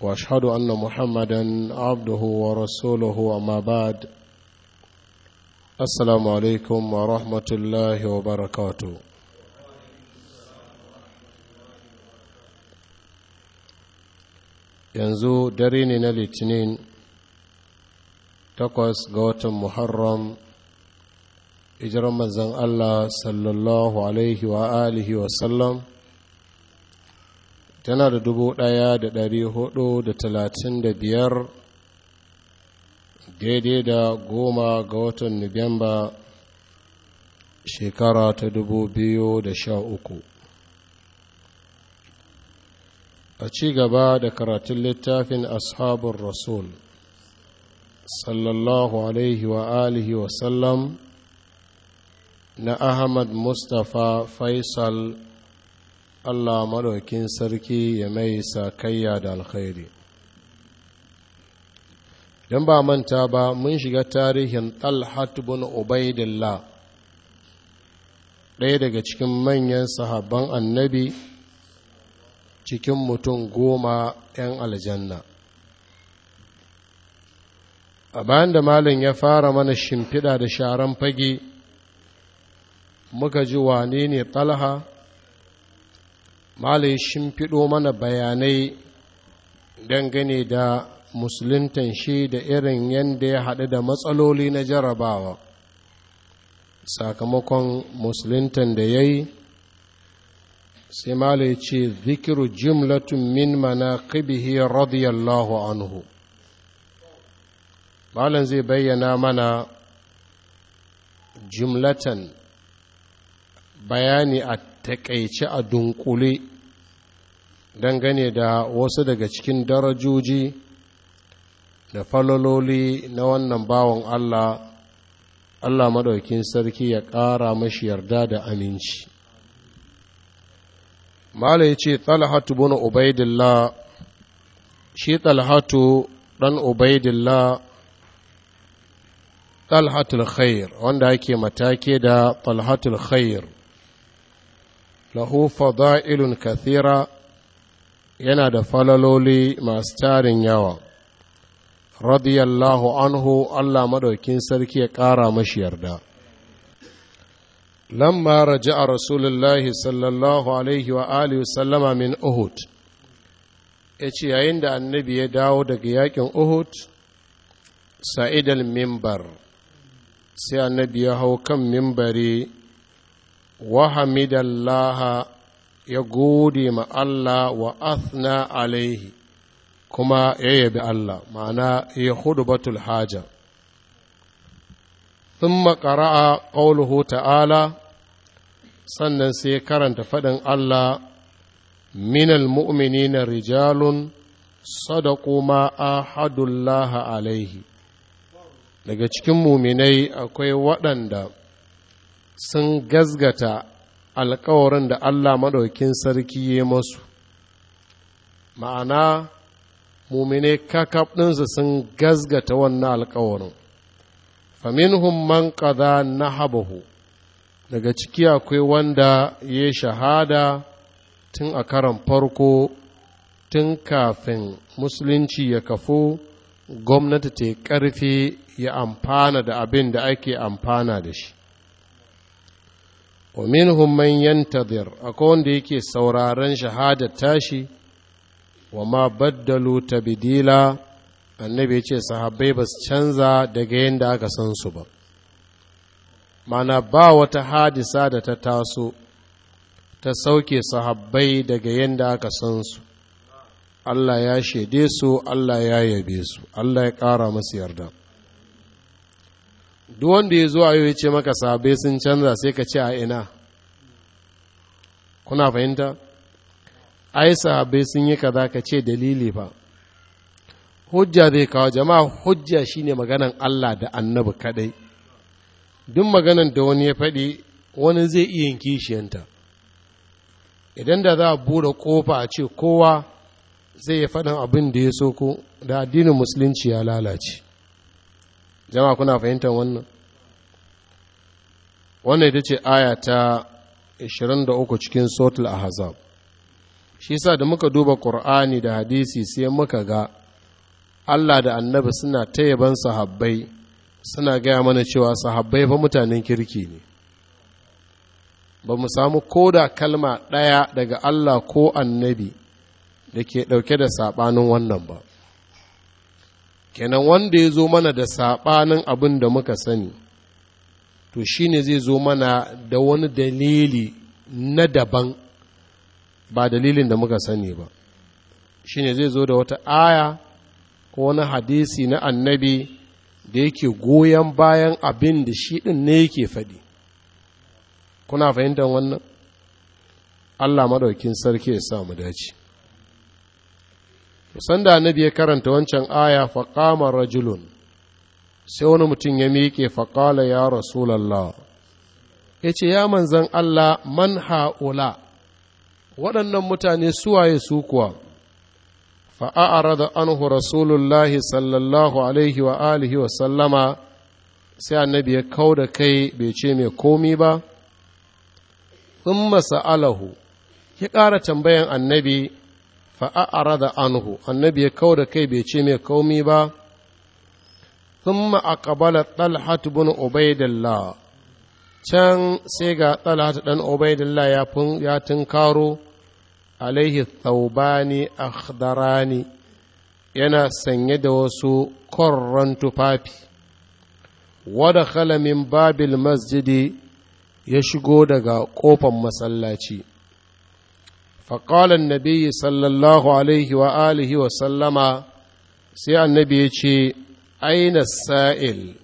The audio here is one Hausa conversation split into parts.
واشهد ان محمدا عبده ورسوله اما بعد السلام عليكم ورحمه الله وبركاته yanzu dare ne na litinin takwas ga watan muharram ijiran manzan allah sallallahu alaihi wa alihi wasallam tana da dubu ɗaya da ɗari hudu da talatin da biyar daidai da goma ga watan nuwamba shekara ta dubu biyu da sha uku a ci gaba da karatun littafin ashabun rasul sallallahu alaihi wa alihi wa sallam na ahmad mustapha faisal Allah maɗaukin sarki ya mai sakayya da alkhairi don ba manta ba mun shiga tarihin talhat bin ubaidillah ɗaya daga cikin manyan sahabban annabi cikin mutum goma 'yan aljanna a bayan da malin ya fara mana shimfiɗa da sharan fage muka ji wane ne talha malai shimfiɗo mana bayanai dangane da musuluntan shi da irin yadda ya haɗu da matsaloli na jarabawa sakamakon musuluntan da ya yi sai malai ce zikiru jimlatun min mana ƙibihi radiyallahu anhu malam zai bayyana mana jimlatan bayani a taƙaice a dunkule dangane da wasu daga cikin darajoji da falololi na wannan bawan Allah Allah maɗaukin sarki ya ƙara mashi yarda da aminci Mala ya ce talhatu bin ubaidillah shi talhatu ɗan ubaidillah talhatul khair wanda ake matake da talhatul khair lahu fada'ilun kathira yana da falaloli masu tarin yawa radiyallahu anhu Allah maɗaukin sarki ya ƙara mashi yarda lamma a rasulullahi sallallahu alaihi wa alihi min uhud ya ce yayin da annabi ya dawo daga yakin uhud Sa'idan mimbar sai annabi ya hau kan mimbari wa hamidallaha ya gode ma Allah wa athna alaihi kuma ya yabi Allah ma'ana ya hudubatul haja ثم قرأ قوله ta'ala sannan sai karanta faɗin Allah minal mu'minina rijalun a ma ahadullaha alaihi daga cikin muminai akwai waɗanda sun gazgata alkawarin da Allah maɗaukin sarki ya masu ma'ana mumine kakaf sun gazgata wannan alkawarin faminhum man na nahabahu daga ciki akwai wanda ya shahada tun a karan farko tun kafin musulunci ya kafo gwamnati ta yi ƙarfi ya amfana da abin da ake amfana da shi wa minhum man yantazir akwai wanda yake sauraren shahadar tashi wa ma baddalu tabdila annabi yace sahabbai ba su canza daga yanda aka san su ba mana ba wata hadisa da ta taso ta sauke sahabbai daga yanda aka san su Allah ya shaide su Allah ya yabe su Allah ya ƙara masu yarda duk wanda ya zo a yau ya ce maka sabe sun canza sai ka ce a ina kuna fahimta ai sabe sun yi kaza ka ce dalili ba hujja zai kawo jama'a hujja shine maganan Allah da annabi kadai duk maganan da wani ya faɗi wani zai iya yin kishiyanta idan da za a bude kofa a ce kowa zai yi faɗin abin da ya so da addinin musulunci ya lalace jama kuna fahimtar wannan wannan ita ce aya ta 23 cikin sotul ahzab shi sa da muka duba ƙur'ani da hadisi sai muka ga allah da annabi suna tayyaban sahabbai suna gaya mana cewa sahabbai ba mutanen kirki ne ba mu samu koda kalma ɗaya daga allah ko annabi da ke ɗauke da saɓanin wannan ba kenan wanda ya zo mana da saɓanin abin da muka sani to shi ne zai zo mana da wani dalili na daban ba dalilin da muka sani ba shi ne zai zo da wata aya ko wani hadisi na annabi da yake goyon bayan abin da shi ɗin ne yake faɗi kuna fahimtar wannan allah maɗaukin sarki ya samu dace sanda annabi ya karanta wancan aya fa faƙama rajulun sai wani mutum ya miƙe fa qala ya rasulullah yace ya manzan Allah man ha'ula waɗannan mutane suwaye su kuwa fa da anhu rasulullah sallallahu alaihi wa alihi wa sallama sai annabi ya kauda kai bai ce mai komi ba in sa'alahu ya ƙara tambayan annabi fa'a'ara da anhu annabi ya kawo da kai bai ce mai kaumi ba a kabala ɗalhatu bin ubaidillah can sai ga ɗalhatu ɗan ubaidillah ya fun ya tunkaro alaihi thawbani akhdarani yana sanye da wasu korran tufafi wadda min babil masjidi ya shigo daga ƙofar masallaci فقال النبي صلى الله عليه وآله وسلم سي النبي يشي أين السائل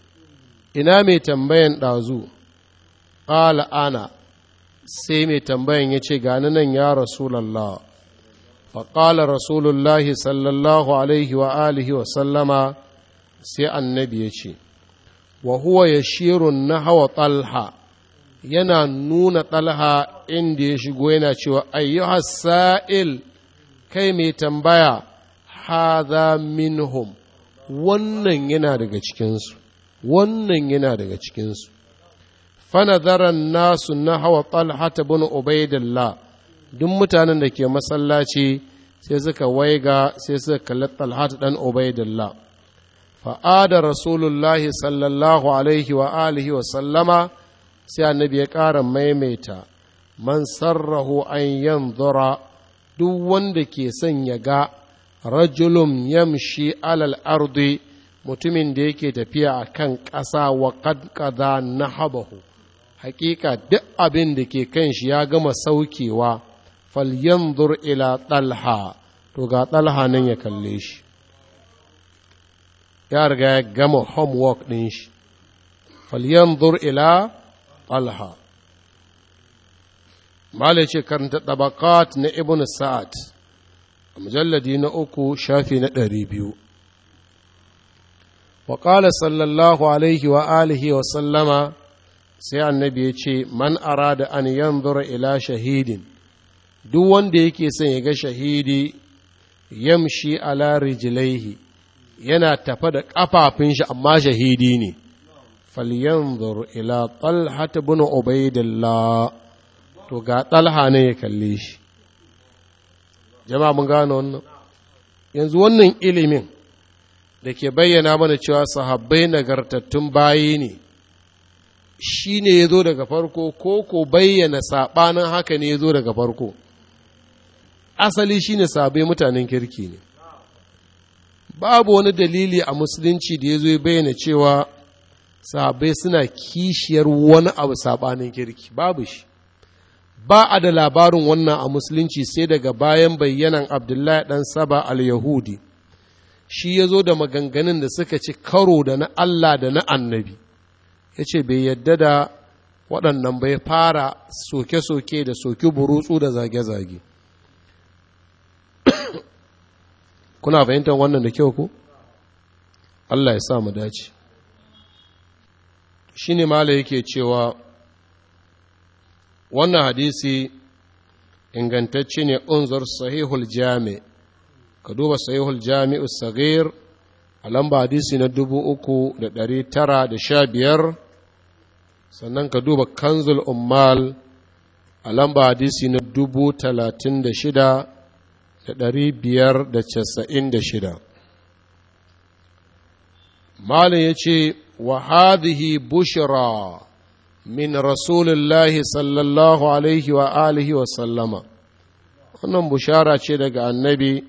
إنا مي تنبين دازو قال أنا سي مي تنبين يشي غاننا يا رسول الله فقال رسول الله صلى الله عليه وآله وسلم سي النبي يشي وهو يشير نحو طلحه yana nuna ɗalha inda ya shigo yana cewa ayyuha sa'il kai mai tambaya haza minhum wannan yana daga cikinsu wannan yana daga cikinsu fanazaran nasu na hawa ta bin ubaidillah duk mutanen da ke masallaci sai suka waiga sai suka kalli ta ɗan ubaidillah fa’adar rasulullahi sallallahu alaihi wa alihi wa sallama sai annabi ya ƙara maimaita man sarrahu an zura duk wanda ke son ya ga rajulun yamshi alal ardi mutumin da yake tafiya a kan ƙasa wa ƙadƙada na habahu hakika duk abin da ke kan shi ya gama saukewa fal falyanzur ila ɗalha to ga ɗalha nan ya kalle shi ya riga ya gama homework ɗin shi fal falyanzur ila talha malai ce karanta tabakat na ibnu sa'ad mujalladi na uku shafi na ɗari biyu wa ƙala sallallahu alaihi wa alihi wa sallama sai annabi ya ce man arada an yanzura ila shahidin duk wanda yake son ya ga shahidi yamshi ala rijlaihi yana tafa da ƙafafun shi amma shahidi ne falyanzur ila talha ibn ubaidillah to ga talha ne ya kalle shi jama'a mun gane wannan yanzu wannan ilimin da ke bayyana mana cewa sahabbai nagartattun bayi ne shi ne ya zo daga farko ko ko bayyana saɓanin haka ne ya zo daga farko asali shi ne sabai mutanen kirki ne babu wani dalili a musulunci da ya zo ya bayyana cewa sahabai suna kishiyar wani abu sabanin kirki babu shi ba a da labarin wannan a musulunci sai daga bayan bayyanan abdullahi dan saba al-yahudi shi ya zo da maganganun da suka ci karo da na allah da na annabi ya ce bai yadda da waɗannan bai fara soke-soke da soke burutsu da zage-zage kuna fahimtar wannan da kyau ku allah ya sa mu dace shi ne mala yake cewa wannan hadisi ingantacce ne unzur sahihul jami ka duba sahihul jami'u usagir a lamba hadisi na biyar sannan ka duba kanzul ummal a lamba hadisi na shida. malin ya ce وهذه بشرى من رسول الله صلى الله عليه وآله وسلم wannan bushara ce daga annabi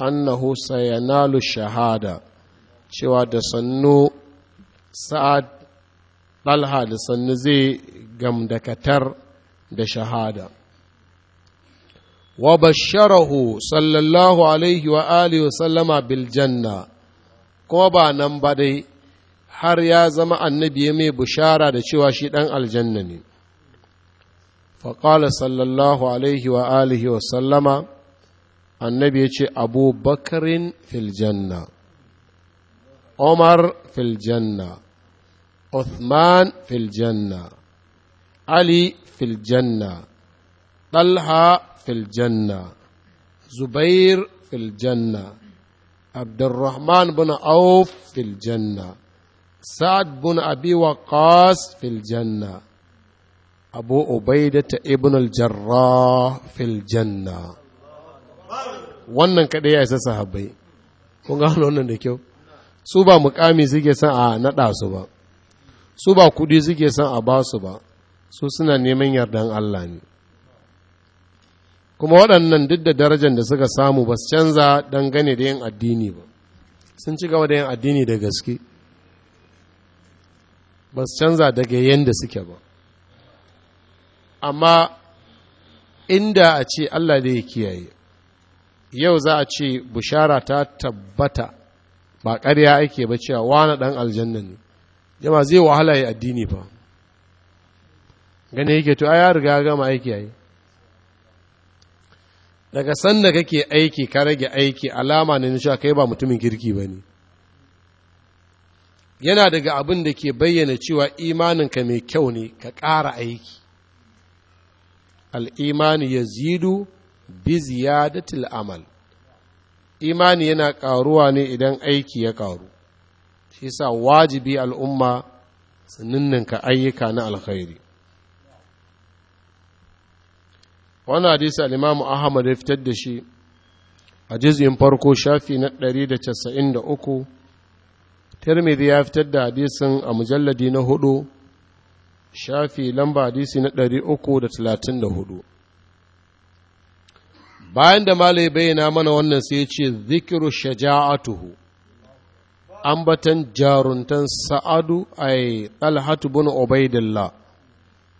annahu sayanalu shahada cewa da sannu sa'ad ɗalha da sannu zai gamdakatar da shahada wa basharahu sallallahu alaihi wa sallama ba nan ba dai har ya zama annabi ya mai bushara da cewa shi ɗan aljanna ne faƙala sallallahu alaihi wa alihi wa sallama annabi ya ce abu bakarin filjanna omar filjanna uthman filjanna ali filjanna ɗalha filjanna zubair filjanna abdurrahman bin auf filjanna sa'ad bin abi ƙas fil janna abu ubaidata ibn al jarra fil janna wannan kaɗai ya isa sahabbai kun gano wannan da kyau su ba mukami suke son a naɗa su ba su ba kuɗi suke son a ba su ba su suna neman yardan Allah ne kuma waɗannan duk da darajar da suka samu ba su canza dangane da yin addini ba sun ci gaba da yin addini da gaske ba su canza daga yadda suke ba amma inda a ce Allah da ya kiyaye yau za a ce bushara ta tabbata ba ƙarya ake ba cewa wani ɗan aljanna ne jama zai wahala ya addini ba gane yake to a ya riga gama aiki yayi daga sanda kake aiki ka rage aiki alama ne na cewa kai ba mutumin kirki ba ne yana daga abin da ke bayyana cewa imaninka mai kyau ne ka ƙara aiki al'imani ya zidu bi ziyadatil amal imani yana ƙaruwa ne idan aiki ya ƙaru shi sa wajibi al'umma su ayyuka na alkhairi wani hadisi al'imamu ahmad ya fitar da shi a jizgin farko shafi na 193 tirmidhi ya fitar da hadisin a mujalladi na hudu shafi lamba hadisi na ɗari uku da talatin da hudu bayan da malai bayyana mana wannan sai ya ce zikiru shaja'atuhu ambatan jaruntan sa'adu ai talhatu bin ubaidillah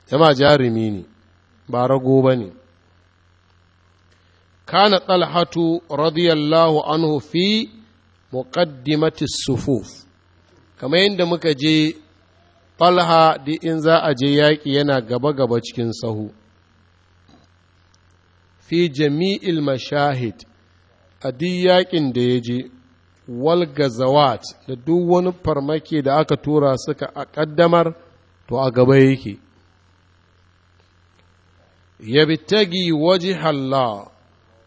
jama jarumi ne ba rago ba ne kana talhatu radiyallahu anhu fi muqaddimati sufuf kamar yadda muka je falha da in za a je yaƙi yana gaba-gaba cikin sahu fi jami'il mashahid a duk yaƙin da ya je wal gazawat da duk wani farmaki da aka tura suka a ƙaddamar to a gaba yake tagi waje Allah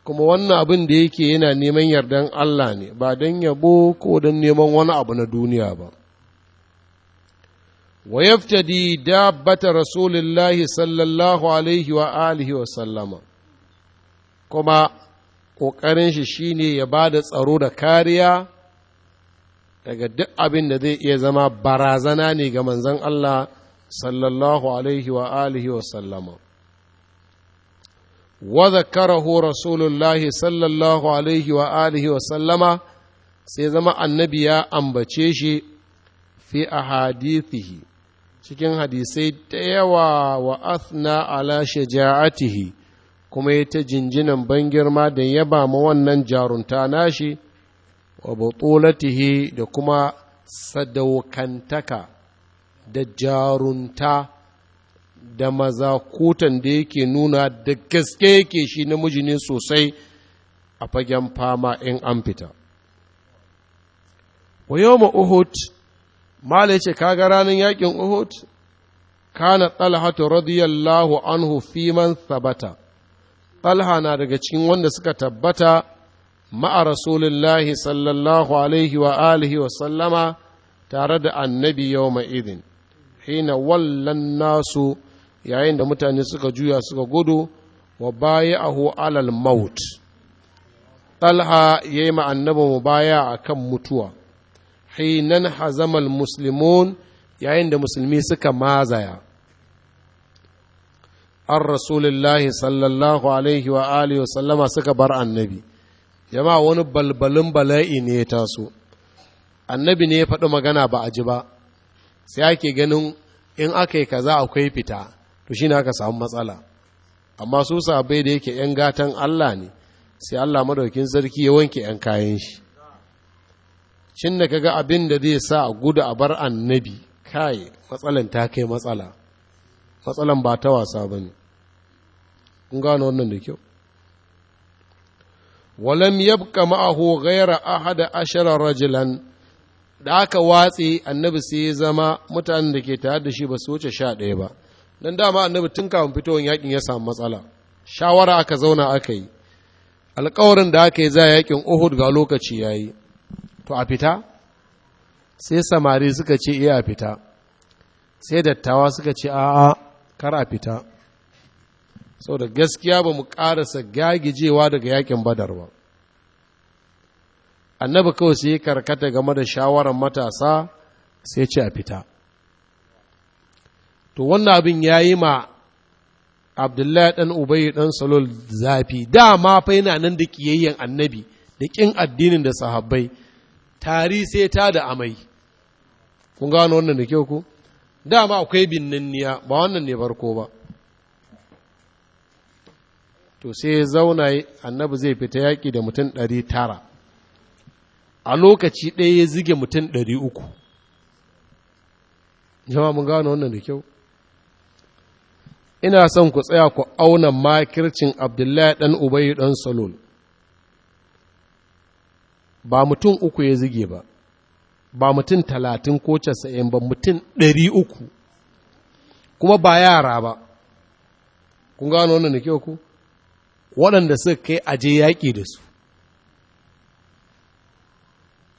kuma wannan abin da yake yana neman yardan Allah ne ba don yabo ko don neman wani abu na duniya ba ويفتدي دابة رسول الله sallallahu alaihi wa alihi wa sallama kuma ƙoƙarin shi shine ya ba da tsaro da kariya daga duk abin da zai iya zama barazana ne ga manzon Allah sallallahu alaihi wa alihi wa sallama وذكره رسول الله صلى الله عليه وآله وسلم سيزما النبي أنبتشيشي في أحاديثه cikin hadisai ta yawa wa athna ala shaja'atihi kuma ya ta jinjinan ban girma da ba ma wannan jarunta nashi wa batulatihi da kuma sadaukantaka da jarunta da mazakutan da yake nuna da gaske yake shi namiji ne sosai a fagen fama in an fita. wa yau ma'uhud mala yace ga ranar yakin uhud kana talhatu radiyallahu anhu fi man sabata talha na daga cikin wanda suka tabbata ma'a rasulullahi sallallahu alaihi wa alihi wa sallama tare da annabi yawma idin hina wallan nasu yayin da mutane suka juya suka gudu wa a alal maut talha ma'annabin ma baya baya akan mutuwa hinan hazamal muslimun yayin da musulmi suka mazaya an rasulullahi sallallahu alaihi wa alihi wa sallama suka bar annabi Yama wani balbalin bala'i ne ya taso annabi ne ya faɗi magana ba a ji ba sai ake ganin in aka yi kaza akwai fita to shi aka samu matsala amma su sabai da yake 'yan gatan allah ne sai allah madaukin sarki ya wanke 'yan kayan shi shin da kaga abin da zai sa a gudu a bar annabi kai matsalan ta kai matsala matsalan ba ta wasa ba ne kun gano wannan da kyau walam yabqa ma'ahu ghayra ahada ashara rajulan da aka watse annabi sai ya zama mutanen da ke tare da shi ba su wuce sha ɗaya ba dan dama annabi tun kafin fitowar yakin ya samu matsala shawara aka zauna aka yi Alƙawarin da aka yi za yakin uhud ga lokaci yayi to a fita sai samari suka ce iya eh, fita sai dattawa suka ce a'a kar a fita sau da gaskiya ba mu ƙarasa gagijewa daga yakin badar ba annabi kawai sai karkata game da shawarar matasa sai ce a fita to wannan abin ya yi ma abdullahi ɗan ubayi ɗan salol zafi dama fa yana nan da kiyayyen annabi da ƙin addinin da sahabbai tari sai ta da amai kun gano wannan da kyau ku dama akwai binninniya. ba wannan ne barko ba to sai zauna annabi zai fita yaƙi da mutum ɗari tara a lokaci ɗaya ya zige mutum ɗari uku jama mun gano wannan da kyau ina son ku tsaya ku auna makircin abdullahi ɗan ubayi ɗan salol ba mutum uku ya zige ba ba mutum talatin ko casa'in ba mutum ɗari uku kuma ba yara ba kun gano wannan da kyau ku waɗanda suka kai aje yaƙi da su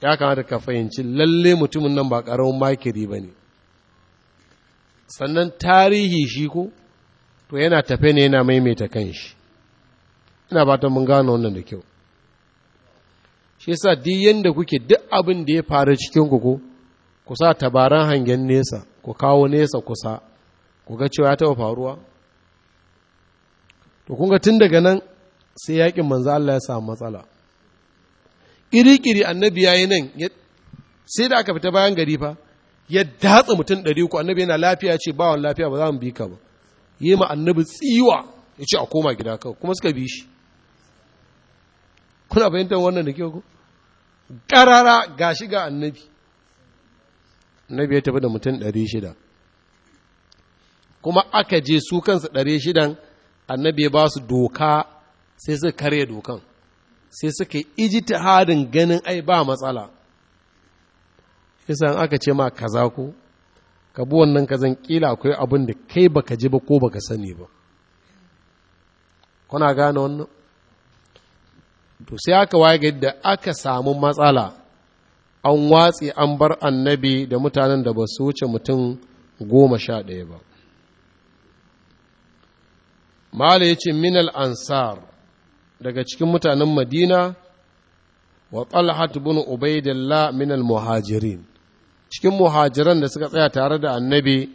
ya kamata ka fahimci lalle mutumin nan ba ƙaramin makiri ba ne sannan tarihi shi ko to yana tafe ne yana maimaita kanshi ina ta mun gano wannan da kyau shi sa duk yadda kuke duk abin da ya faru cikin ku ko ku sa tabaran hangen nesa ku kawo nesa kusa ku ga cewa ya taɓa faruwa to kun ga tun daga nan sai yaƙin manzo Allah ya samu matsala ƙirikiri annabi ya yi nan sai da aka fita bayan gari fa ya datsa mutum ɗari uku annabi yana lafiya ce ba wani lafiya ba za mu bi ka ba yi ma annabi tsiwa ya ce a koma gida kawai kuma suka bi shi kuna fahimtar wannan da kyau ko ƙarara ga shi ga annabi annabi ya tafi da mutum ɗari shida kuma aka je su kansu ɗari shidan annabi ya ba su doka sai suka karya dokan sai suka iji hadin ganin ai ba matsala isan aka ce ma kaza ku, ka bi wannan kazan kila akwai abin da kai baka ji ba ko baka sani ba kuna gane wannan to sai aka waye da aka samu matsala an watsi an bar annabi da mutanen da ba su wuce mutum goma sha ɗaya ba mala ya ce minal ansar daga cikin mutanen madina wa talhat bin ubaidillah minal muhajirin cikin muhajiran da suka tsaya tare da annabi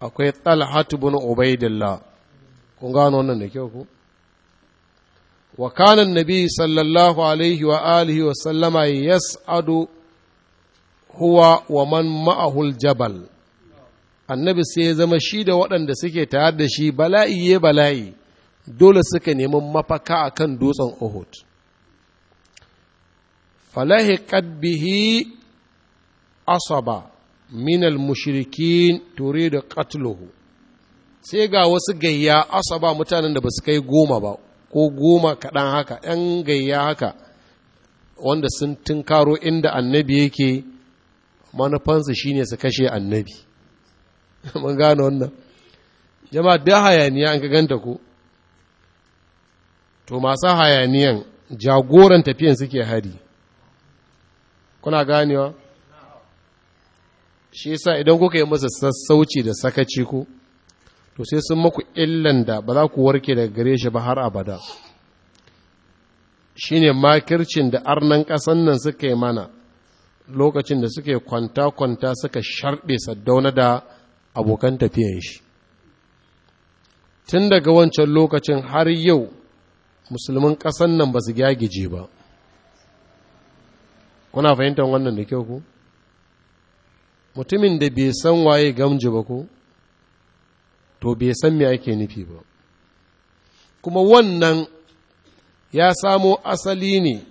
akwai talhat bin ubaidillah kun gano wannan da kyau ku wa kana nabi sallallahu alaihi wa alihi wa sallama yas'adu huwa wa man ma'ahul jabal annabi sai ya zama shi da waɗanda suke tare da shi bala'i ya bala'i dole suka nemi mafaka akan dutsen Uhud Falahi bihi asaba minal al-mushrikin turidu qatluhu sai ga wasu gayya asaba mutanen da basu kai goma ba ko goma kaɗan haka ‘yan gayya haka wanda sun tunkaro inda annabi yake manufansu ne su kashe annabi mun gano wannan jama'a da hayaniya an ka ganta ko to masu hayaniyan jagoran tafiyan suke hari kuna ganewa shi yasa idan kuka yi masa sassauci da sakaci ko to sai sun maku illan da ba za ku warke daga gare shi ba har abada shine makircin da arnan ƙasan nan suka yi mana lokacin da suke kwanta-kwanta suka sharɓe saddauna da abokan tafiyan shi tun daga wancan lokacin har yau musulmin ƙasan nan ba su gyagije ba kuna fahimtar wannan da kyau ku mutumin da bai san waye gamji ba ku to bai san me ake nufi ba kuma wannan ya samo asali ne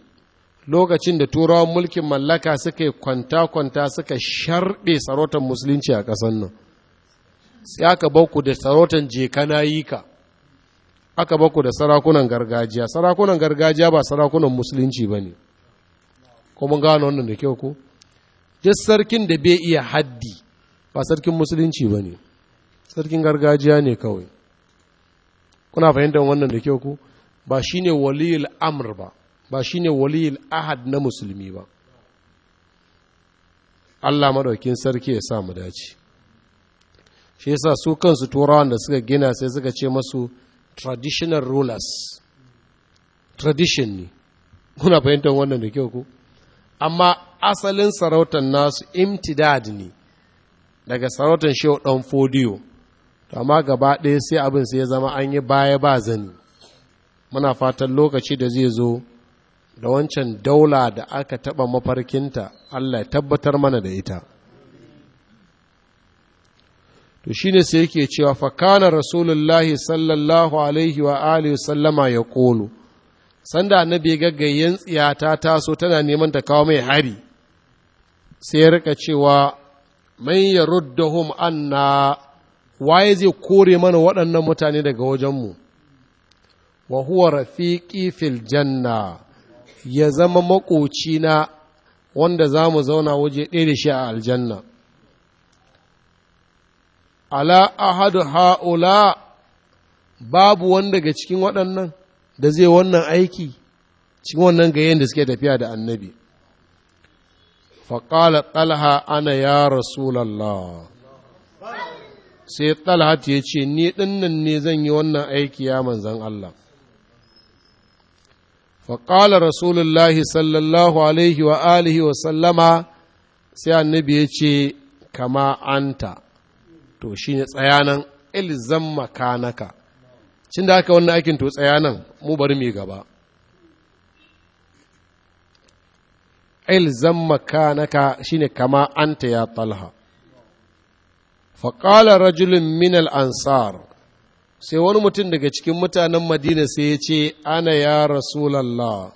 lokacin da turawan mulkin mallaka suka yi kwanta-kwanta suka sharbe sarautar musulunci a ƙasar nan sai aka bauku da sarautar jekana yi ka aka bauku da sarakunan gargajiya sarakunan gargajiya ba sarakunan musulunci ba ne kuma gano wannan da kyau ko duk sarkin da bai iya haddi ba sarkin musulunci ba ne sarkin gargajiya ne kawai kuna fahimtar wannan da kyau ku ba shi ne waliyul amr ba ba shi ne waliyul ahad na musulmi ba allah maɗaukin sarki ya sa mu dace shi yasa su kansu turawan da suka gina sai suka ce masu traditional rulers tradition ne kuna fahimtar wannan da kyau ku amma asalin sarautar nasu imtidad ne daga sarautar shehu ɗan fodiyo to amma gaba ɗaya sai abin sai ya zama an yi baya ba zani muna fatan lokaci da zai zo da wancan daula da aka taɓa mafarkinta Allah ya tabbatar mana da ita to shi ne sai yake cewa fakana kana rasulullahi sallallahu alaihi wa alihi sallama ya kolo sanda annabi gaggayen tsiya ta taso tana neman ta kawo mai hari sai ya rika cewa man yaruddahum anna waye zai kore mana waɗannan mutane daga wajenmu wa huwa rafiqi fil janna ya zama maƙocina wanda za mu zauna waje ɗaya da shi a aljanna ala ahadu ha'ula babu wanda daga cikin waɗannan da zai wannan aiki cikin wannan gayen da suke tafiya da annabi faƙala ɗalha ana ya rasulallah sai talhat ya ce ni dinnan ne zan yi wannan aiki ya manzan Allah faƙala rasulullahi sallallahu alaihi wa alihi wa sallama sai annabi ya ce kama anta to shi ne tsayanan ilzan makanaka cin da haka wannan aikin to tsayanan mu bari mai gaba ilzan makanaka shine kama anta ya talha faƙala rajulun minal ansar sai wani mutum daga cikin mutanen madina sai ya ce ana ya rasulallah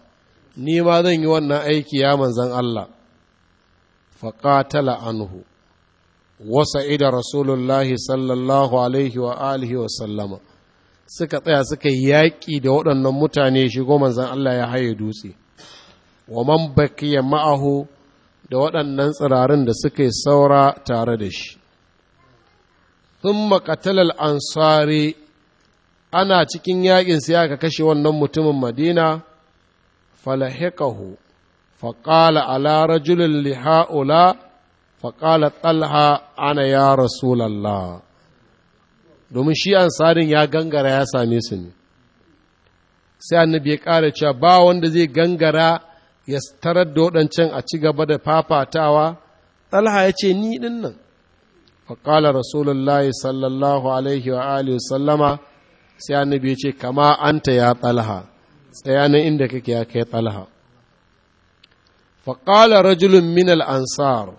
ni ma zan yi wannan aiki ya manzan Allah faƙatala anhu wasa ida rasulullahi sallallahu alaihi wa alihi wa sallama suka tsaya suka yi yaƙi da waɗannan mutane shigo manzan Allah ya haye dutse wa man bakiya ma'ahu da waɗannan tsirarin da suka saura tare da shi sun makatalal ansari ana cikin yaƙin sai aka kashe wannan mutumin madina falahikahu faƙala ala rajulin liha'ula faƙala talha ana ya rasulullah domin shi ansarin ya gangara ya same su ne sai annabi ya ƙara cewa ba wanda zai gangara ya tarar da waɗancan a ci gaba da fafatawa talha ya ce ni dinnan. faƙala رسول sallallahu alaihi الله عليه sallama sai annabi ya ce kama anta ya talha tsayanin inda kake ya kai tsalha. faƙala rajulun minal ansar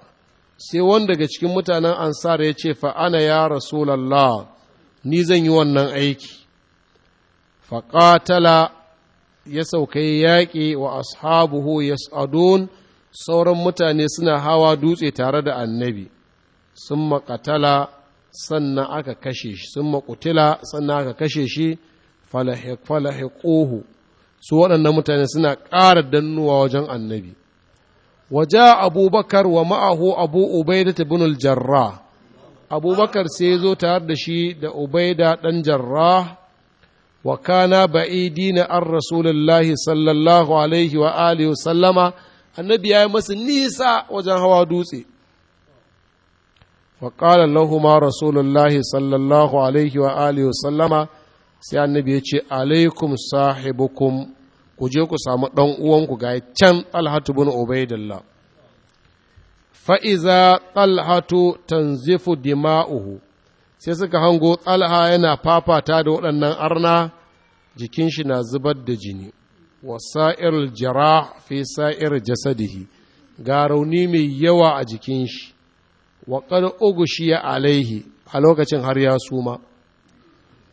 sai wanda daga cikin mutanen ansar ya ce fa'ana ya rasulallah ni zan yi wannan aiki faƙatala ya saukai yaƙi wa ashabuhu yas'adun sauran mutane suna hawa dutse tare da annabi sun maƙatala sannan aka kashe shi sun maƙutila sannan aka kashe shi falahiƙohu su waɗannan mutane suna ƙara dannuwa wajen annabi waja abubakar wa ma'ahu abu ubaida ibn jarra abubakar sai zo tare da shi da ubaida ɗan jarra wa kana dina an rasulullahi sallallahu alaihi wa alihi sallama annabi ya yi masu nisa wajen hawa dutse Waƙala ƙalar lahuma rasulullahi sallallahu alaihi wa alihi sallama sai annabi ya ce alaikum sahibukum ku je ku samu ɗan uwanku ga can talhatu bin ubaidillah fa'iza talhatu tanzifu dima'uhu sai suka hango tsalha yana fafata da waɗannan arna jikin shi na zubar da jini wa sa'ir jara fi sa'ir jasadihi ga rauni mai yawa a jikin shi wa kar ugushiya alaihi a lokacin har ya suma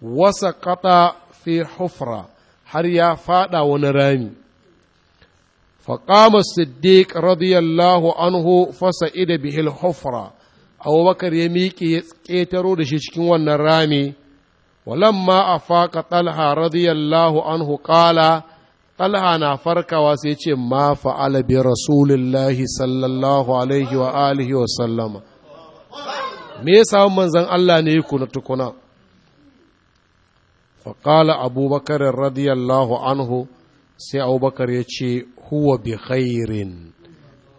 wasa kata fi hufra har ya faɗa wani rami Faƙamar qama siddiq radiyallahu anhu fa sa'ida bihi al-hufra abubakar ya miƙe ya ƙetaro da shi cikin wannan rami walamma faka talha radiyallahu anhu ƙala talha na farkawa sai ce ma fa'ala bi rasulillahi sallallahu alaihi wa wa sallama me ya samu manzan Allah ne kuna tukuna faƙala abubakar radiyallahu anhu sai abubakar ya ce huwa bi khairin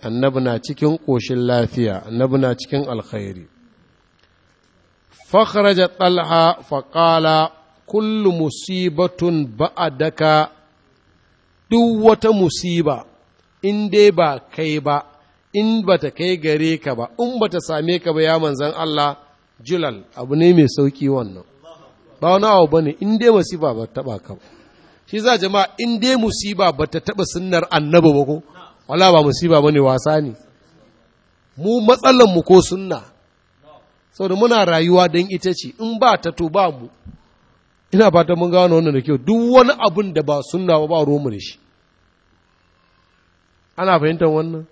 annabi na cikin ƙoshin lafiya annabi na cikin alkhairi fakharaja talha faƙala kullu musibatun daka duk wata musiba in dai ba kai ba in ba ta kai gare ka ba in ba ta same ka ba ya manzan Allah jilal abu ne mai sauki wannan ba wani abu ba ne in dai musiba ba taɓa ka ba shi za jama'a in dai musiba ba ta taɓa sunnar annabi ba ko wala ba musiba ba ne wasa ne mu matsalan mu ko sunna saboda muna rayuwa don ita ce in ba ta to ba mu ina fatan mun gano wannan da kyau duk wani abin da ba sunna ba ba ruwanmu shi ana fahimtar wannan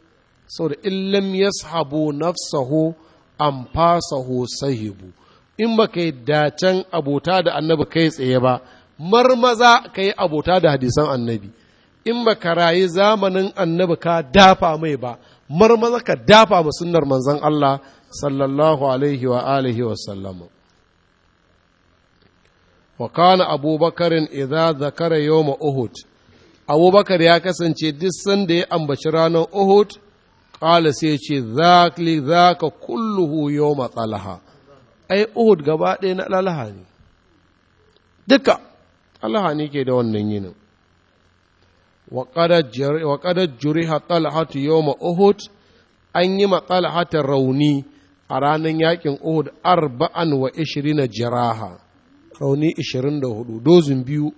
saboda illam yashabu nafsahu anfasahu sahibu in ba ka yi dacen abota da annabi kai tsaye ba marmaza ka yi abota da hadisan annabi in ba ka rayu zamanin annabi ka dafa mai ba marmaza ka dafa ma sunnar manzon Allah sallallahu alaihi wa alihi wa sallam wa kana abubakarin idza zakara yawm uhud abubakar ya kasance duk sanda ya ambaci ranar uhud ƙala sai ce ka zaka kulluhu yau matsalaha ai uhud gaba ɗaya na lalaha ne duka lalaha ne ke da wannan yinin wa kada juriha talhatu yau uhud an yi ma matsalahata rauni a ranar yakin uhud arba'an wa ishirina jiraha rauni ishirin da hudu dozin biyu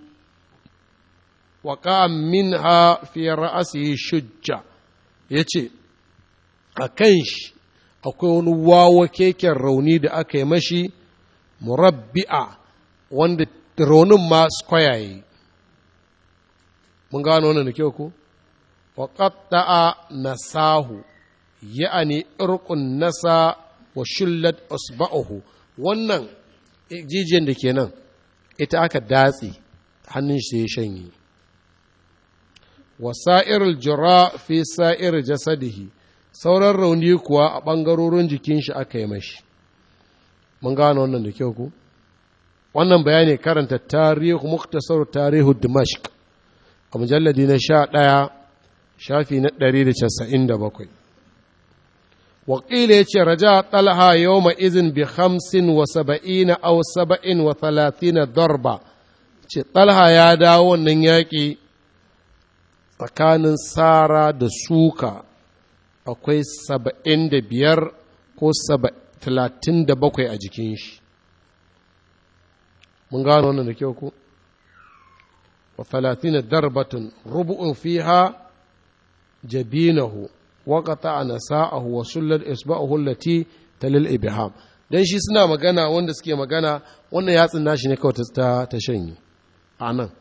wa min ha fi ra'asi shujja ya ce a kan shi akwai wani wawa keken rauni da aka yi mashi murabbi'a wanda raunin ma yi, mun gano wannan da kyau ko wa nasahu ya'ani irqun nasa wa shillat usba'uhu wannan jijiyar da kenan ita aka datse hannun shi ya shanye wa sa'irul jura fi sa'ir jasadihi sauran rauni kuwa a ɓangarorin jikin shi aka yi mashi mun gano wannan da kyau ku wannan bayani karanta tarihu muktasar tarihu dimashik a mujalladi na sha ɗaya shafi na ɗari da casa'in da bakwai wakila ce raja ɗalha yau ma izin bi hamsin wa saba'ina au saba'in wa talatina darba ce ɗalha ya dawo wannan yaƙi tsakanin sara da suka akwai saba'in da biyar ko talatin da bakwai a jikin shi mun gano wannan da kyau ku wa talatin darbatun rubu'un fiha jabinahu wa qata'a nasa'ahu wa sullat isba'ahu allati talil ibham dan shi suna magana wanda suke magana wannan yatsin nashi ne kawai ta ta shanye anan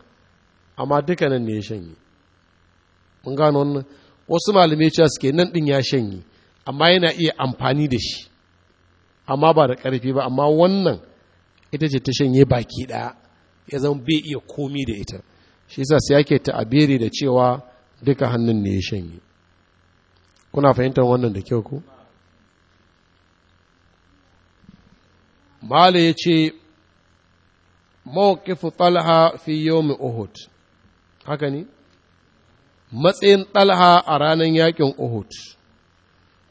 amma duka nan ne ya shanye mun gano wannan wasu malamai cewa suke nan ɗin ya shanye amma yana iya amfani da shi amma ba da ƙarfi ba amma wannan ita ce ta shanye baki ɗaya ya zama bai iya komi da ita shi yasa sai ta abiri da cewa duka hannun ne ya shanye kuna fahimtar wannan da kyau ku Mala ya ce, mawakifu Talha fi yomi Uhud, haka ne? matsayin ɗalha a ranar yakin Uhud,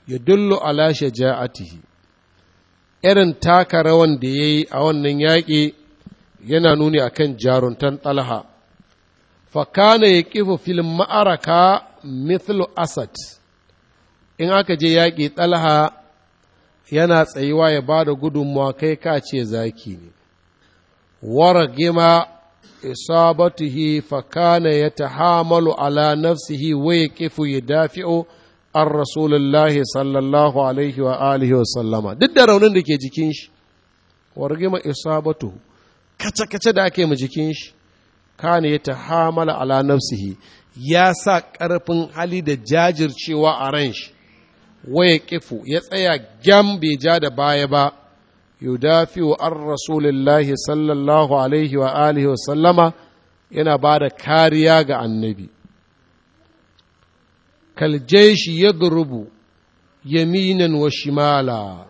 ya dullo a tihi irin taka rawan da ya yi a wannan yaƙi yana nuni a kan jaruntan ɗalha. Fakana ya ƙifu filin ma'araka mithlu Asad, in aka je yaƙi ɗalha yana tsayuwa ya ba da gudunmawa kai ka ce zaki ne, gima. إصابته فكان يتحامل على نفسه ويقف يدافع عن رسول الله صلى الله عليه وآله وسلم raunin da ke jikin shi ma isabatu kace kace da ake mu jikin shi kana yatahamal ala nafsihi ya sa karfin hali da jajircewa a ran shi waye kifu ya tsaya gyam bai ja da baya ba yudafi'u an rasulillahi sallallahu alaihi wa alihi wa sallama yana ba da kariya ga annabi kaljeshi ya durubu yaminan wa shimala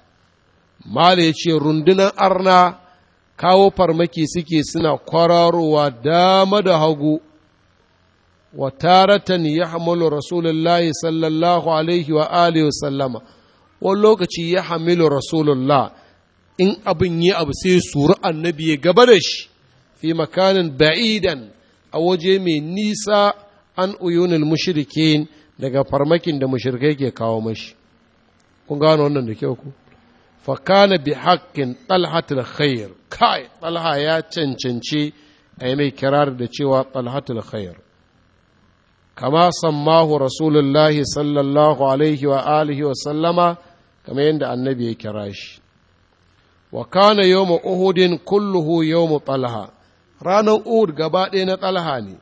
mala yace ce rundunar arna kawo farmaki suke suna kwararowa dama da hagu wa taratan ya hamalu rasulullahi sallallahu alaihi wa alihi sallama wani lokaci ya hamilu rasulullah in abin yi abu sai suru annabi ya gaba da shi fi makanin ba'idan a waje mai nisa an uyunil mushrikin daga farmakin da mushrikai ke kawo mashi kun gano wannan da kyau ku fakana bi haƙƙin talhatul khair kai talha ya cancanci a yi mai kirar da cewa talhatul khair kama sammahu rasulullahi sallallahu alaihi wa alihi wa sallama kamar yadda annabi ya kira shi wa kana yawma uhudin kulluhu yawma talha ranar uhud gaba ɗaya na talha ne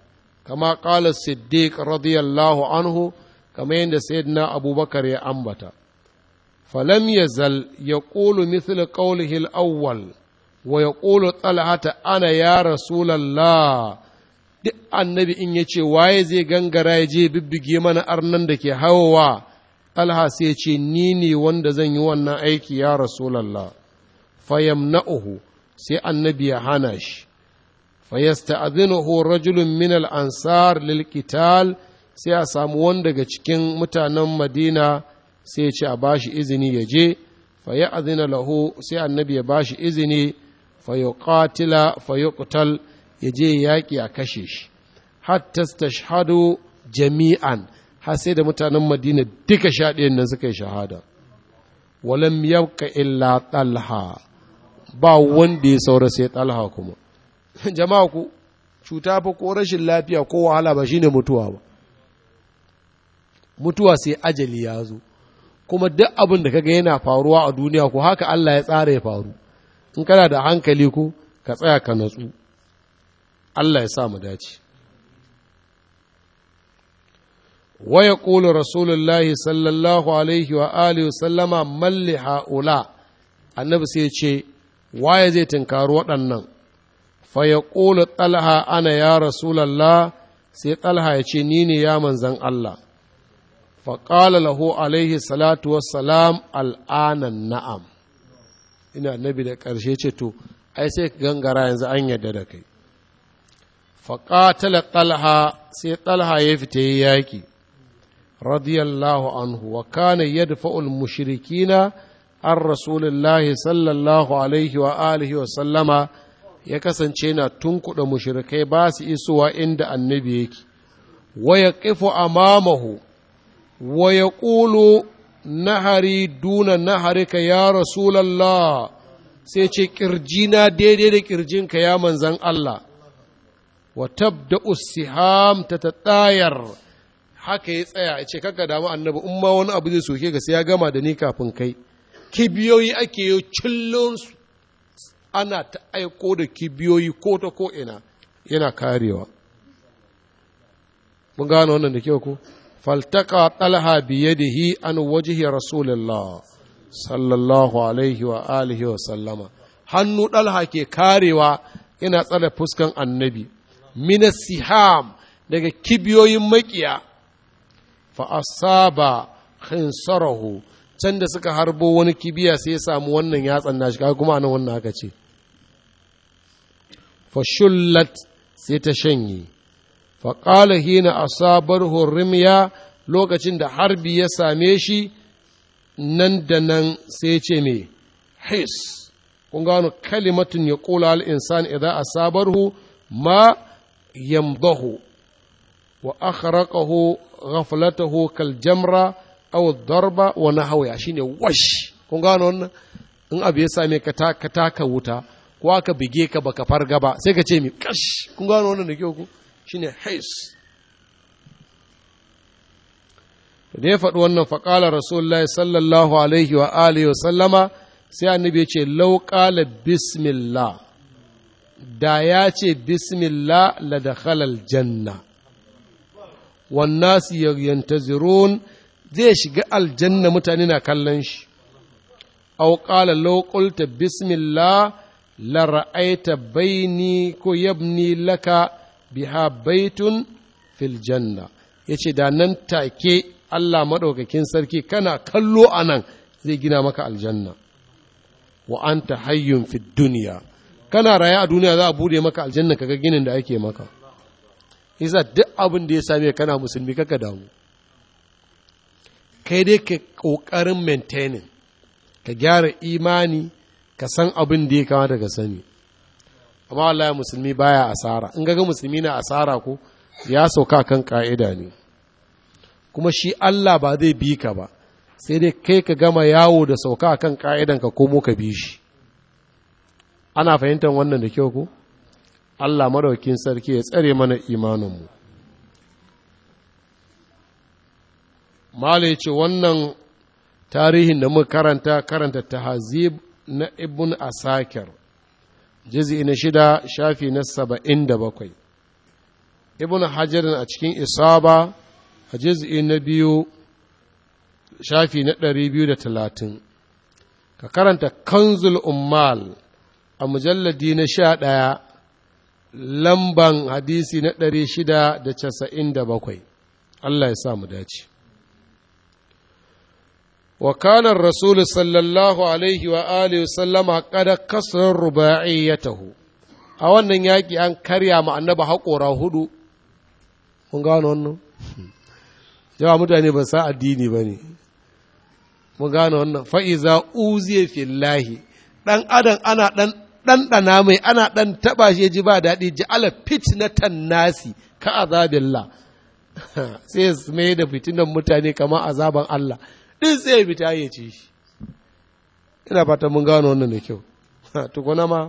kama qala siddiq radiyallahu anhu Kama yadda sayyidina abubakar ya ambata falam yazal yaqulu mithl qawlihi al-awwal wa yaqulu talhata ana ya rasulullah duk annabi in ya ce waye zai gangara ya je bibbige mana arnan da ke hawowa talha sai ce ni ne wanda zan yi wannan aiki ya rasulallah fayamna'uhu sai annabi ya hana shi fayasta'dhinuhu rajulun minal ansar lil sai a samu wanda daga cikin mutanen Madina sai ya ce a bashi izini ya je faya'dhina lahu sai annabi ya bashi izini fayuqatila fayuqtal ya je yaƙi a kashe shi hatta stashhadu jami'an har sai da mutanen Madina duka sha nan suka yi shahada walam yabqa illa talha ba wanda ya saura sai talha kuma jama'a ku cuta fa ko rashin lafiya ko wahala ba shine mutuwa ba mutuwa sai ajali ya zo kuma duk abin da kaga yana faruwa a duniya ko haka Allah ya tsara ya faru in kana da hankali ku ka tsaya ka natsu Allah ya sa mu dace wa yaqulu rasulullahi sallallahu alaihi wa alihi sallama man ula annabi sai ya ce waye zai tinkari waɗannan fa ya ƙula ɗalha ana ya rasulallah sai ɗalha ya ce ni ne ya manzan Allah fa ƙala lahu alaihi salatu wassalam al'anan na'am ina nabi da ƙarshe ce to ai sai gangara yanzu an yadda da kai faƙatala ɗalha sai ɗalha ya fita yi yaƙi radiyallahu anhu wa kana yadfa'ul mushrikina an rasulullahi sallallahu alaihi wa alihi wa sallama ya kasance na tunkuɗa mushrikai ba su isowa inda annabi yake wa ya a amamahu wa ya ƙulu nahari duna naharika ya rasulallah sai ce ƙirjina daidai da ƙirjinka ya manzan Allah wa tabda usiham ta taɗayar haka ya tsaya ya ce kaka damu annabi in ma wani abu zai soke ga sai ya gama da ni kafin kai kibiyoyi ake yi cillon ana ta aiko da kibiyoyi ko ta ko ina yana karewa mun gano wannan da kyau ko faltaka talha hi an wajhi rasulullah sallallahu alaihi wa alihi wa sallama hannu ɗalha ke karewa yana tsada fuskan annabi mina siham daga kibiyoyin makiya fa asaba khinsarahu can da suka harbo wani kibiya sai ya samu wannan yatsan shi. kaga kuma nan wannan haka ce fashullat sai ta shanye faƙala hina asabar rimya lokacin da harbi ya same shi nan da nan sai ce me his kun gano kalimatun ya ƙula al'insan idan asabarhu ma yamdahu wa akhraqahu ghaflatahu kal jamra aw darba wa nahwa shine wash kun gano wannan in abu ya same ka taka taka wuta ko aka bige ka baka farga ba sai ka ce mi kash kun gano wannan da kyau ku shine hais da ya faɗi wannan faƙala rasulullahi sallallahu alaihi wa alihi wa sallama sai annabi ya ce lauƙala bismillah da ya ce bismillah la dakhala aljanna wan nas yantazirun zai shiga aljanna mutane na kallon shi aw qala law qulta bismillah la ra'aita ni ko yabni laka biha baitun fil janna yace da nan take Allah maɗaukakin sarki kana kallo anan zai gina maka aljanna wa anta hayyun fid dunya kana raye a duniya za a bude maka aljanna kaga ginin da ake maka isa duk abin da ya same kana musulmi kaka damu kai dai ka ƙoƙarin maintaining ka gyara imani ka san abin da ya kamata daga sani amma wallahi musulmi baya asara in ga musulmi na asara ko ya sauka kan ka'ida ne kuma shi Allah ba zai bi ka ba sai dai kai ka gama yawo da sauka kan ka'idan ka komo ka bi shi ana fahimtar wannan da kyau ko Allah maraukin sarki ya tsare mana imaninmu mala ya ce wannan tarihin da muka karanta karanta tahazib na ibn asakir jizi na shida shafi na saba'in da bakwai ibn hajarin a cikin isaba a jizi na biyu shafi na ɗari biyu da talatin ka karanta kanzul ummal a mujalladi na sha ɗaya lamban hadisi na ɗari shida da casa'in da bakwai Allah ya sa mu dace وكان الرسول صلى الله عليه وآله وسلم قد كسر رباعيته a wannan yaƙi an karya ma annaba haƙora hudu mun gano wannan yawa mutane ba sa addini ba ne mun gano wannan fa'iza uziye fillahi ɗan adam ana ɗan ɗanɗana mai ana ɗan taɓa shi ji ba daɗi ji ala fitnatan nasi ka azabillah sai mai da fitinan mutane kamar azaban Allah din zai bi ta yi ci shi ina fata mun gano wannan da kyau tukuna ma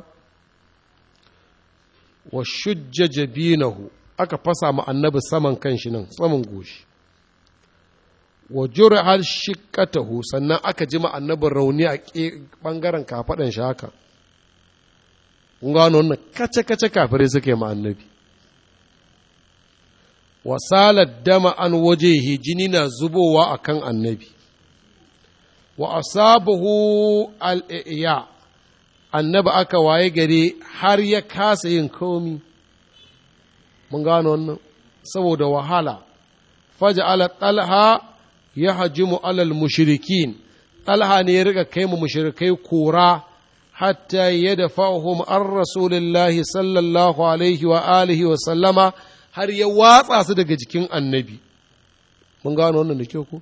wa shujja jabinahu aka fasa ma annabi saman shi nan saman goshi wa jur'al shiqqatahu sannan aka ji ma annabin rauni a bangaren kafaɗan shi haka kun gano wannan kace kace kafirai suke ma annabi wasalar dama an waje jini na zubowa kan annabi wa asabahu al-iya annabi aka waye gare har ya kasa yin komi mun gano wannan saboda wahala ala talha ya hajimu alal mushrikin talha ne ya riga kai mu mushrikai kora hatta ya dafa'uhum an rasulillahi sallallahu alaihi wa alihi wa sallama har ya watsa su daga jikin annabi mun gano wannan da ke ko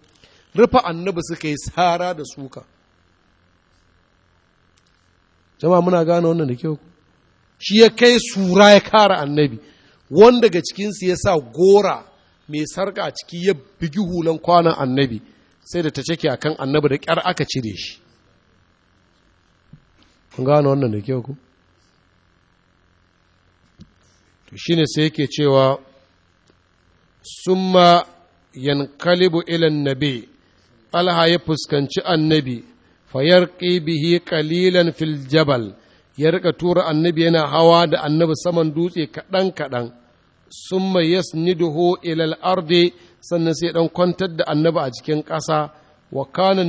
rufa annabi suka yi tsara da suka Jama muna gane wannan da kyau shi ya kai sura ya kara annabi wanda daga cikinsu ya sa gora mai sarƙa a ciki ya bigi hulan kwanan annabi sai da ta cike a kan annabi da ƙyar aka cire shi kun gane wannan da kyau ku to shi ne sai yake cewa summa yankalibu ilan nabi talha ya fuskanci annabi fayarqi bihi qalilan fil jabal ya rika tura annabi yana hawa da annabi saman dutse kaɗan kaɗan summa yasniduhu ila al-ardi sannan sai ɗan kwantar da annabi a cikin ƙasa wa kana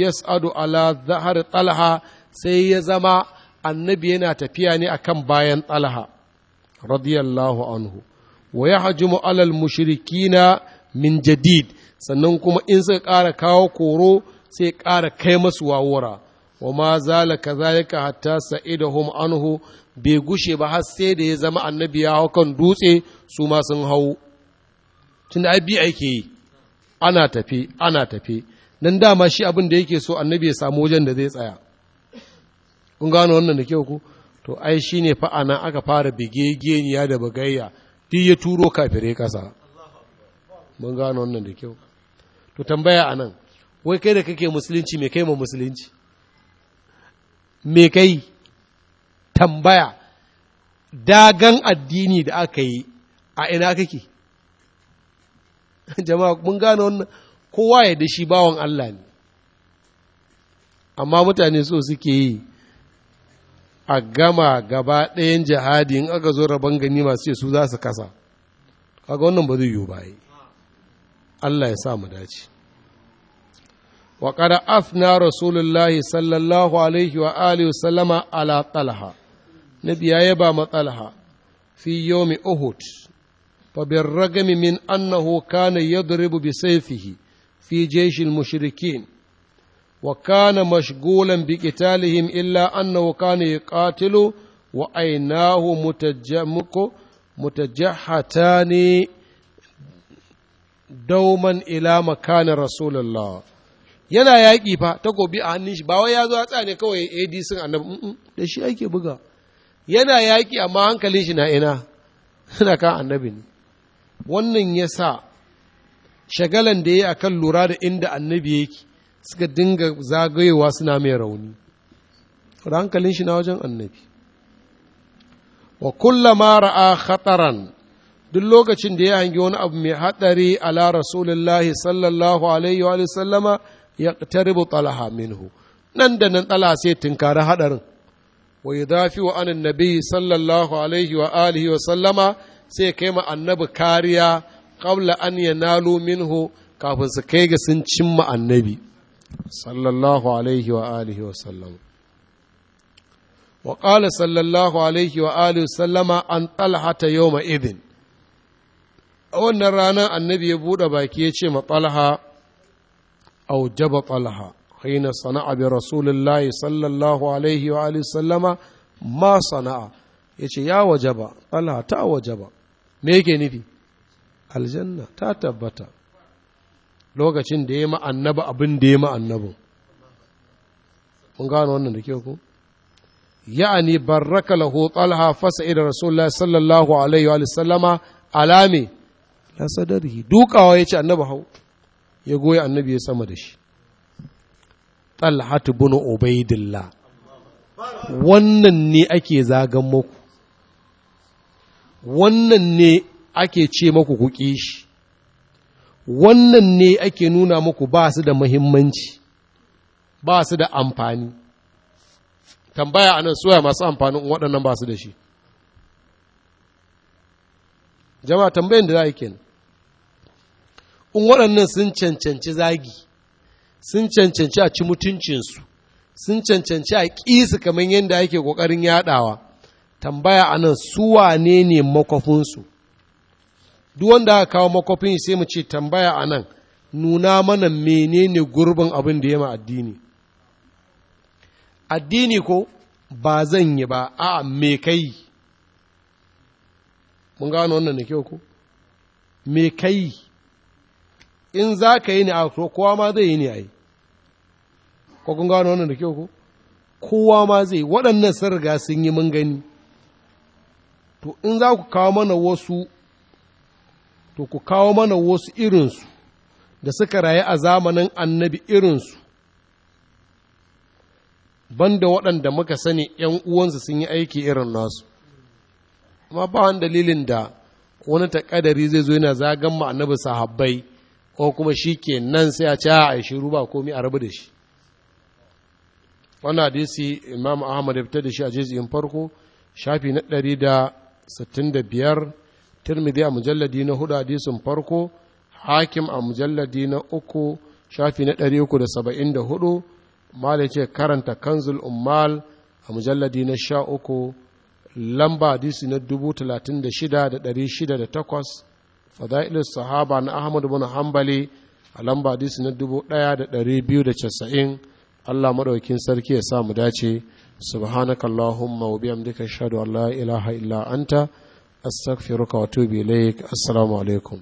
yas adu ala zahar talha sai ya zama annabi yana tafiya ne akan bayan talha radiyallahu anhu wa yahjumu ala alal mushrikina min jadid sannan kuma in suka ƙara kawo koro sai ƙara kai masu wawura wa ma zala zalika hatta sa'idahum anhu bai gushe ba har sai da ya zama annabi ya hau kan dutse su ma sun hau tun da bi ake yi ana tafi ana tafi nan dama shi abin da yake so annabi ya samu wajen da zai tsaya kun gano wannan da kyau ku to ai shine fa ana aka fara bigegeniya da bagayya duk ya turo kafirai kasa mun gano wannan da kyau to tambaya anan wai kai da kake musulunci me kai ma musulunci me kai tambaya dagan addini da aka yi a ina kake jama'a mun gane wannan kowa ya da shi bawan Allah ne amma mutane so suke yi a gama gaba ɗayan jihadi in aka zo rabon gani masu su za su kasa kaga wannan ba zai yiwu ba yi Allah ya sa mu dace. Wa ƙada afna Rasulullahi sallallahu Alaihi wa alihi ala talha, Nabi ya yaba matsalha fi yomi Uhud, fabin ragami min annahu kana yadribu bi saifihi fi jeshin mushrikin wa kana mashgulan bi qitalihim illa annahu kana yuqatilu wa ainahu mutajjamuku mutajahatani dauman ila makanin rasulullah yana yaƙi fa ta gobe a hannun shi ba wai ya zo a tsane kawai AD sun annabi mm, mm, da shi ake buga yana yaƙi amma hankalin shi na ina suna kan annabi ne wannan ya sa shagalan da ya yi akan lura da inda annabi yake suka dinga zagayewa suna mai rauni hankalin shi na wajen annabi wa kulla mara a khataran duk lokacin da ya hangi wani abu mai haɗari ala rasulullahi sallallahu alaihi wa sallama ya taribu talaha minhu nan da nan tsala sai tunkari haɗarin wa yudafi wa anan nabi sallallahu alaihi wa alihi wa sallama sai kai ma annabi kariya qabla an yanalu minhu kafin su kai ga sun cimma annabi sallallahu alaihi wa alihi wa sallama wa qala sallallahu alaihi wa alihi wa sallama an talhata idin a wannan rana annabi ya buɗe baki ya ce ma a aujaba talha haina sana'a bi rasulillahi sallallahu alaihi wa alihi sallama ma sana'a ya ce ya wajaba talha ta wajaba me yake nufi aljanna ta tabbata lokacin da ya yi ma'annaba abin da ya ma'annabin mun gano wannan da kyau ku? ya'ani barraka lahu talha fasa ila rasulullahi sallallahu alaihi wa sallama alame la sadarhi dukawa ya ce annabi hau ya goya annabi ya sama da shi talhatu bin ubaidillah wannan ne ake zagan maku wannan ne ake ce maku ku shi wannan ne ake nuna maku ba su da muhimmanci ba su da amfani tambaya anan soya masu amfanin waɗannan ba su da shi jama'a tambayin da za a yi kenan in waɗannan sun cancanci zagi sun cancanci a ci mutuncinsu sun cancanci a ƙisa kamar yadda ake ƙoƙarin yaɗawa tambaya a nan su wanene ne makwafinsu duk wanda aka kawo makwafin sai mu ce tambaya a nan nuna mana menene gurbin abin da ya ma addini addini ko ba zan yi ba a me kai mun gano wannan da kyau ko me kai in za ka yi ni a kowa ma zai yi ni a yi ko kun gano wannan da kyau ko kowa ma zai waɗannan sun riga sun yi mun gani to in za ku kawo mana wasu to ku kawo mana wasu irinsu da suka rayu a zamanin annabi irinsu banda waɗanda muka sani ‘yan uwansu sun yi aiki irin nasu amma ba wani dalilin da wani taƙadari zai zo yana zagan mu annabi sahabbai ko kuma shi ke nan sai a ce a shiru ba komi a rabu da shi wannan hadisi imam ahmad fita fitar da shi a yin farko shafi na 165 tirmidhi a mujalladi na hudu hadisin farko hakim a mujalladi na uku shafi na 374 malai ce karanta kanzul ummal a mujalladi na sha uku lamba hadisi na 36608 fada'il sahaba na ahmad bin hambali a lamba biyu na 1290 Allah maɗaukin sarki ya sa mu dace subhanakallahumma wa bihamdika duka an la ilaha illa anta astaghfiruka wa atubu ilaik assalamu alaikum